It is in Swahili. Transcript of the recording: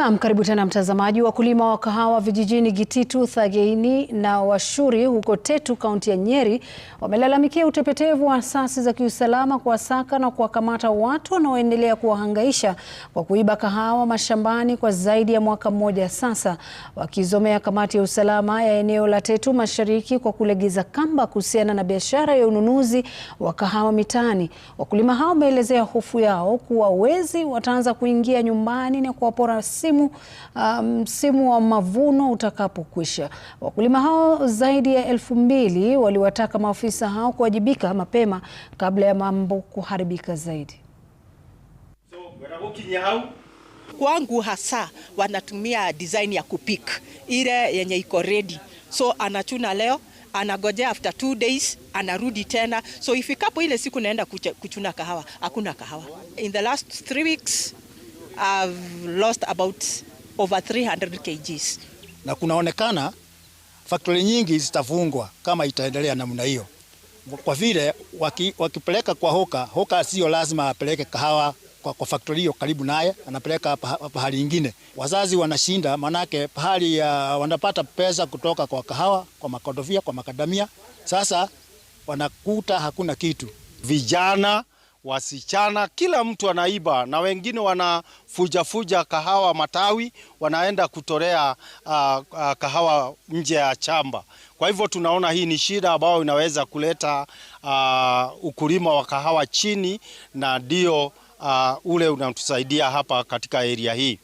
Naam, karibu tena mtazamaji. Wakulima wa kahawa vijijini Gititu, Thageini na Washuri huko Tetu, kaunti ya Nyeri wamelalamikia utepetevu wa asasi za kiusalama kuwasaka na kuwakamata watu wanaoendelea kuwahangaisha kwa kuiba kahawa mashambani kwa zaidi ya mwaka mmoja sasa, wakizomea kamati ya usalama ya eneo la Tetu Mashariki kwa kulegeza kamba kuhusiana na biashara ya ununuzi wa kahawa mitaani. Wakulima hao wameelezea hofu yao kuwa wezi wataanza kuingia nyumbani na kuwapora msimu msimu um, wa mavuno utakapokwisha. Wakulima hao zaidi ya elfu mbili waliwataka maafisa hao kuwajibika mapema kabla ya mambo kuharibika zaidi. Kwangu hasa wanatumia design ya kupik ile yenye iko ready, so anachuna leo anagojea after two days anarudi tena. So ifikapo ile siku naenda kuchuna kahawa, hakuna kahawa. In the last three weeks I've lost about over 300 kgs. Na kunaonekana faktori nyingi zitafungwa kama itaendelea namna hiyo, kwa vile waki, wakipeleka kwa hoka hoka, sio lazima apeleke kahawa kwa, kwa faktori hiyo karibu naye, anapeleka pahali ingine. Wazazi wanashinda manake pahali ya uh, wanapata pesa kutoka kwa kahawa, kwa makodofia, kwa makadamia. Sasa wanakuta hakuna kitu. Vijana wasichana, kila mtu anaiba, na wengine wanafujafuja kahawa matawi, wanaenda kutorea uh, ah, uh, ah, kahawa nje ya chamba. Kwa hivyo tunaona hii ni shida ambayo inaweza kuleta uh, ukulima wa kahawa chini, na ndio uh, ule unatusaidia hapa katika eria hii.